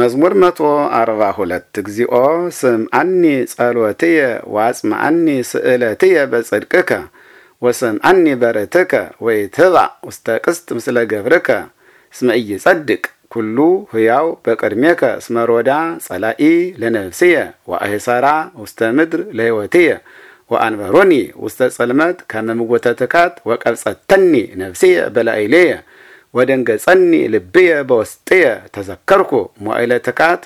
መዝሙር መቶ አርባ ሁለት እግዚኦ አኒ ጸሎትየ አኒ ስእለትየ በጽድቅከ አኒ በርትከ ትባ ውስተ ቅስት ምስለ ገብርከ እስመ ኢይጸድቅ ኩሉ ህያው በቅድሜከ እስመ ሮዳ ጸላኢ ለነፍስየ ወአህሳራ ውስተ ምድር ለሕይወትየ ወአንበሮኒ ውስተ ጸልመት ከመ ምጐተትካት ወቀብጸተኒ ነፍስየ በላዕሌየ ወደንገጸኒ ልብየ በውስጥየ ተዘከርኩ ሞይለ ትቃት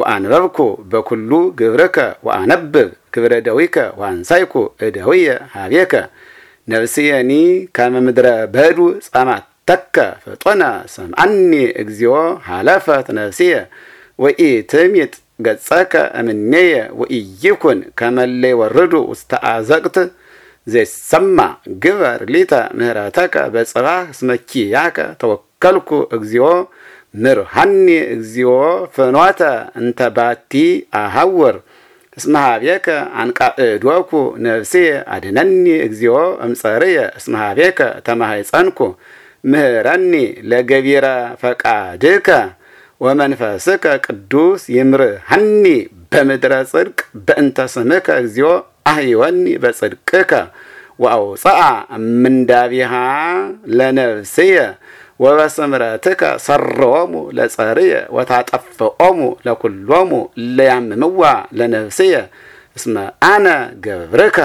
ወአንበብኩ በኩሉ ግብርከ ወአነብብ ግብረ ደዊከ ወአንሳይኩ እደውየ ሃቤከ ነፍስየኒ ከመ ምድረ በዱ ጸማተከ ፈጦነ ሰምዐኒ እግዚኦ ሃለፈት ነፍስየ ወኢትሚጥ ገጸከ እምኔየ ወኢይኩን ከመለ ይወርዱ ውስተ አዘቅት ዘይሰማ ግበር ሊተ ምህረተከ በጽባህ ስመኪያከ ተወከልኩ እግዚኦ ምርሃኒ እግዚኦ ፍኖተ እንተ ባቲ አሃውር እስመ ኀቤከ አንቃዕዶኩ ነፍስየ አድነኒ እግዚኦ እምፀርየ እስመ ኀቤከ ተማህፀንኩ ምህረኒ ለገቢረ ፈቃድከ ወመንፈስከ ቅዱስ ይምርሃኒ በምድረ ጽድቅ በእንተ ስምከ እግዚኦ አህይወኒ በጽድቅከ ወአውፅአ ምንዳቢሃ ለነፍስየ ወበስምረትከ ሰሮሙ ለጸርየ ወታጠፍኦሙ ለኩሎሙ ለያምምዋ ለነፍስየ እስመ አነ ገብርከ